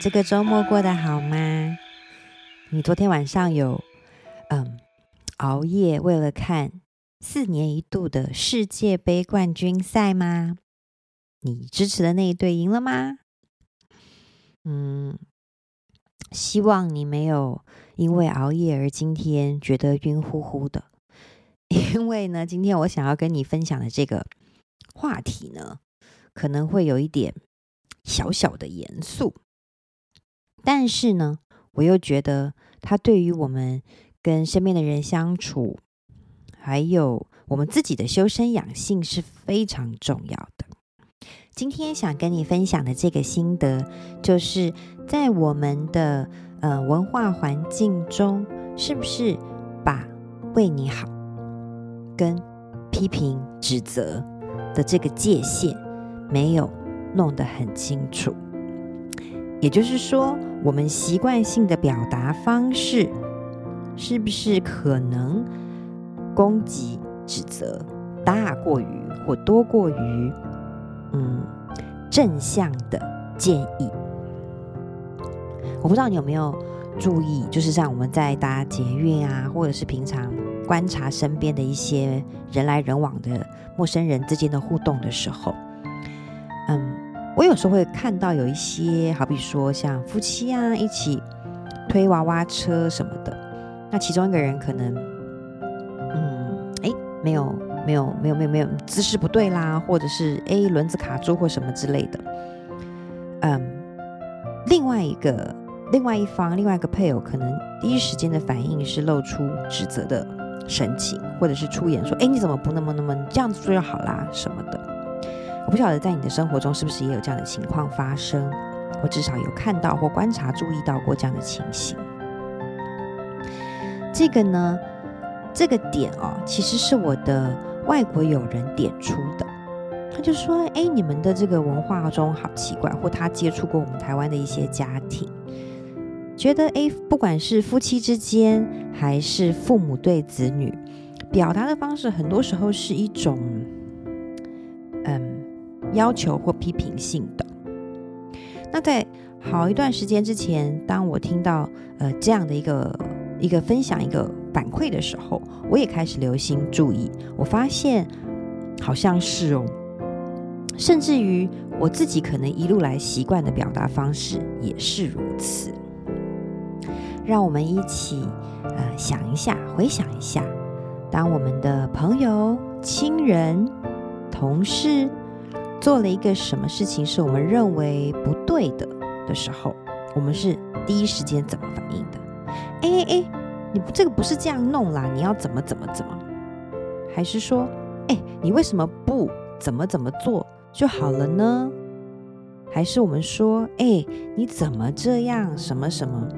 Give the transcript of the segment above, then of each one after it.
這個周末過得好嗎？你昨天晚上有嗯熬夜為了看四年一度的世界盃冠軍賽嗎？你支持的那一隊贏了嗎？嗯，希望你沒有因為熬夜而今天覺得暈乎乎的，因為呢，今天我想要跟你分享的這個話題呢，可能會有一點小小的嚴肅。但是呢，我又覺得他對於我們跟身邊的人相處，還有我們自己的修身養性是非常重要的。今天想跟你分享的這個心得，就是在我們的呃文化環境中，是不是把“為你好”跟批評指責的這個界限沒有弄得很清楚？也就是說，我們習慣性的表達方式，是不是可能攻擊、指責大過於或多過於，嗯，正向的建議？我不知道你有沒有注意，就是像我們在搭捷運啊，或者是平常觀察身邊的一些人來人往的陌生人之間的互動的時候，嗯。我有時候會看到有一些，好比說像夫妻啊，一起推娃娃車什麼的，那其中一個人可能，嗯，哎，沒有，沒有，沒有，沒有，沒有，姿勢不對啦，或者是哎，輪子卡住或什麼之類的，嗯，另外一個，另外一方，另外一個配偶可能第一時間的反應是露出指責的神情，或者是出言說，哎，你怎麼不那麼那麼這樣子做就好啦，什麼的。我不曉得在你的生活中是不是也有這樣的情況發生，我至少有看到或觀察注意到過這樣的情形。這個呢，這個點哦，其實是我的外國友人點出的。他就說：“誒，你們的這個文化中好奇怪，或他接觸過我們台灣的一些家庭，覺得誒，不管是夫妻之間，還是父母對子女，表達的方式，很多時候是一種，嗯。”要求或批評性的。那在好一段時間之前，當我聽到呃這樣的一個一個分享一個反饋的時候，我也開始留心注意。我發現好像是哦，甚至於我自己可能一路來習慣的表達方式也是如此。讓我們一起啊想一下，回想一下，當我們的朋友、親人、同事。做了一個什麼事情是我們認為不對的的時候，我們是第一時間怎麼反應的？哎哎哎，你這個不是這樣弄啦，你要怎麼怎麼怎麼？還是說，哎，你為什麼不怎麼怎麼做就好了呢？還是我們說，哎，你怎麼這樣？什麼什麼？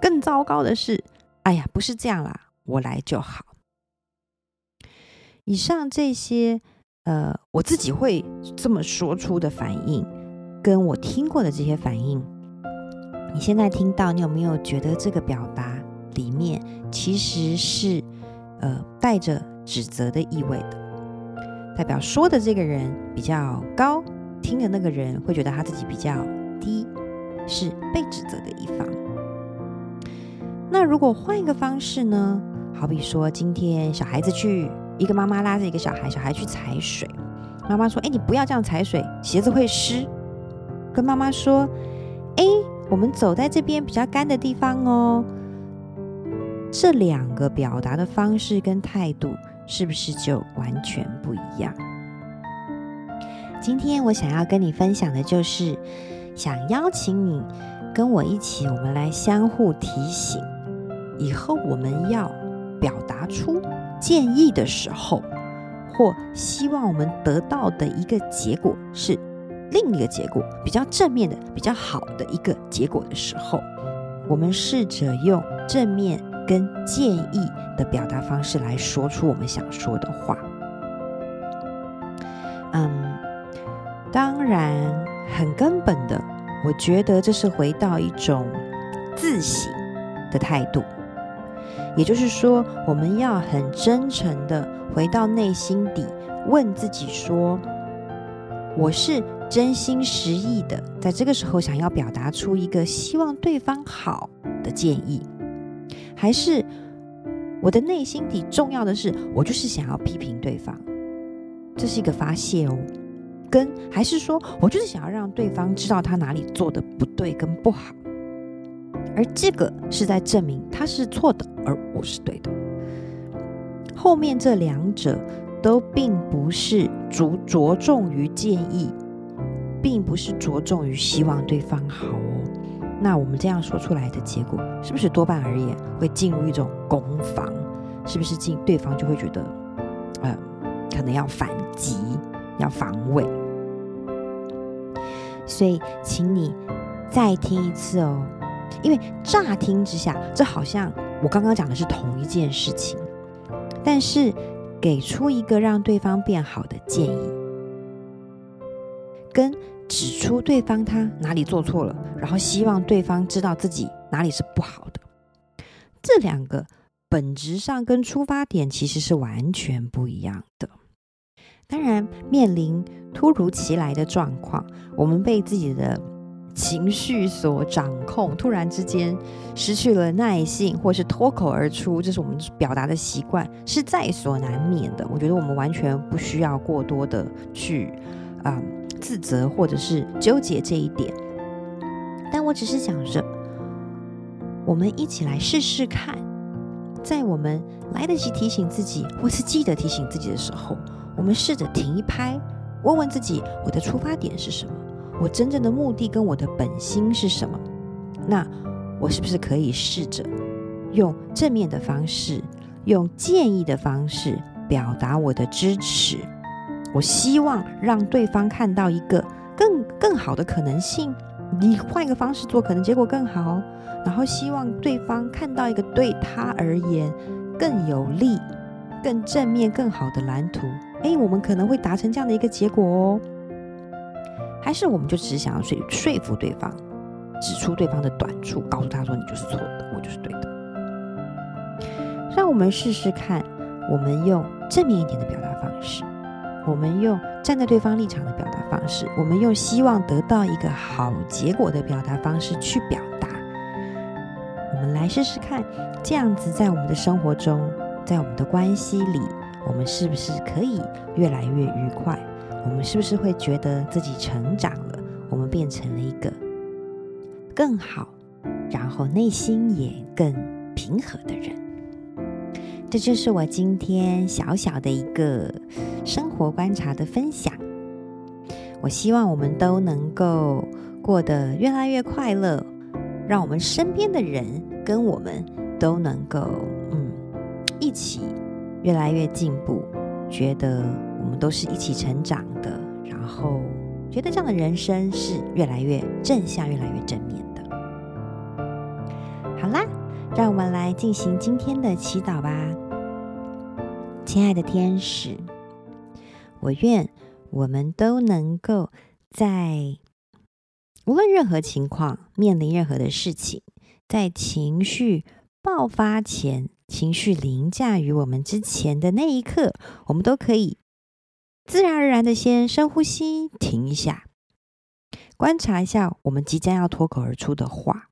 更糟糕的是，哎呀，不是這樣啦，我來就好。以上這些。呃，我自己會這麼說出的反應，跟我聽過的這些反應，你現在聽到，你有沒有覺得這個表達裡面其實是呃帶着指責的意味的？代表說的這個人比較高，聽的那個人會覺得他自己比較低，是被指責的一方。那如果換一個方式呢？好比說今天小孩子去。一個媽媽拉着一個小孩，小孩去踩水，媽媽說：“哎，你不要這樣踩水，鞋子會濕。”跟媽媽說：“哎，我們走在這邊比較乾的地方哦。”這兩個表達的方式跟態度是不是就完全不一樣？今天我想要跟你分享的就是，想邀請你跟我一起，我們來相互提醒，以後我們要。表達出建議的時候，或希望我們得到的一個結果是另一個結果，比較正面的、比較好的一個結果的時候，我們試着用正面跟建議的表達方式來說出我們想說的話。嗯，當然，很根本的，我覺得這是回到一種自省的態度。也就是說，我們要很真誠的回到內心底，問自己說：“我是真心實意的，在這個時候想要表達出一個希望對方好的建議，還是我的內心底重要的是，我就是想要批評對方，這是一個發泄哦，跟還是說我就是想要讓對方知道他哪裡做得不對跟不好。”而這個是在證明他是錯的，而不是對的。後面這兩者都並不是着着重於建議，並不是着重於希望對方好哦。那我們這樣說出來的結果，是不是多半而言會進入一種攻防？是不是進對方就會覺得，呃，可能要反擊，要防衛？所以，請你再聽一次哦。因為乍聽之下，這好像我剛剛講的是同一件事情，但是給出一個讓對方變好的建議，跟指出對方他哪裡做錯了，然後希望對方知道自己哪裡是不好的，這兩個本質上跟出發點其實是完全不一樣的。當然，面臨突如其來的狀況，我們被自己的。情緒所掌控，突然之間失去了耐性，或是脫口而出，這、就是我們表達的習慣，是在所難免的。我覺得我們完全不需要過多的去啊、呃、自責或者是糾結這一點。但我只是想着，我們一起來試試看，在我們來得及提醒自己或是記得提醒自己的時候，我們試着停一拍，問問自己，我的出發點是什麼？我真正的目的跟我的本心是什麼？那我是不是可以試着用正面的方式，用建議的方式表達我的支持？我希望讓對方看到一個更更好的可能性。你換一個方式做，可能結果更好。然後希望對方看到一個對他而言更有利、更正面、更好的藍圖。欸，我們可能會達成這樣的一個結果哦。還是我們就只是想要說說服對方，指出對方的短處，告訴他說，你就是錯的，我就是對的。讓我們試試看，我們用正面一點的表達方式，我們用站在對方立場的表達方式，我們用希望得到一個好結果的表達方式去表達。我們來試試看，這樣子在我們的生活中，在我們的關係裡，我們是不是可以越來越愉快？我們是不是會覺得自己成長了？我們變成了一個更好，然後內心也更平和的人。這就是我今天小小的一個生活觀察的分享。我希望我們都能夠過得越來越快樂，讓我們身邊的人跟我們都能夠嗯一起越來越進步，覺得。我們都是一起成長的，然後覺得這樣的人生是越來越正向、越來越正面的。好啦，讓我們來進行今天的祈禱吧，親愛的天使，我願我們都能夠在無論任何情況、面臨任何的事情，在情緒爆發前、情緒凌駕於我們之前的那一刻，我們都可以。自然而然的，先深呼吸，停一下，觀察一下我們即將要脫口而出的話，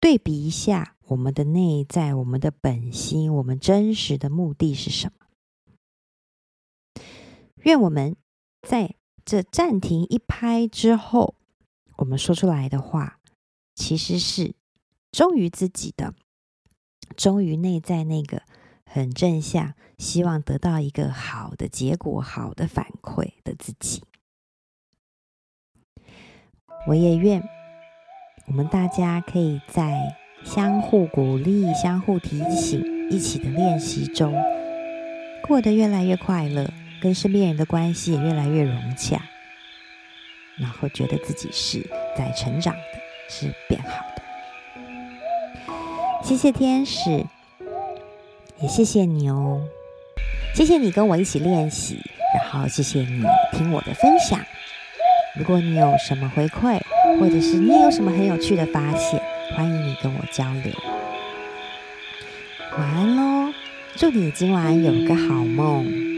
對比一下我們的內在、我們的本心、我們真實的目的是什麼。願我們在這暫停一拍之後，我們說出來的話，其實是忠於自己的，忠於內在那個。很正向，希望得到一個好的結果、好的反饋的自己，我也願我們大家可以，在相互鼓勵、相互提醒、一起的練習中，過得越來越快樂，跟身邊人的關係也越來越融洽，然後覺得自己是在成長的，是變好的。謝謝天使。也謝謝你哦，謝謝你跟我一起練習，然後謝謝你聽我的分享。如果你有什麼回饋，或者是你有什麼很有趣的發現，歡迎你跟我交流。晚安嘍，祝你今晚有個好夢。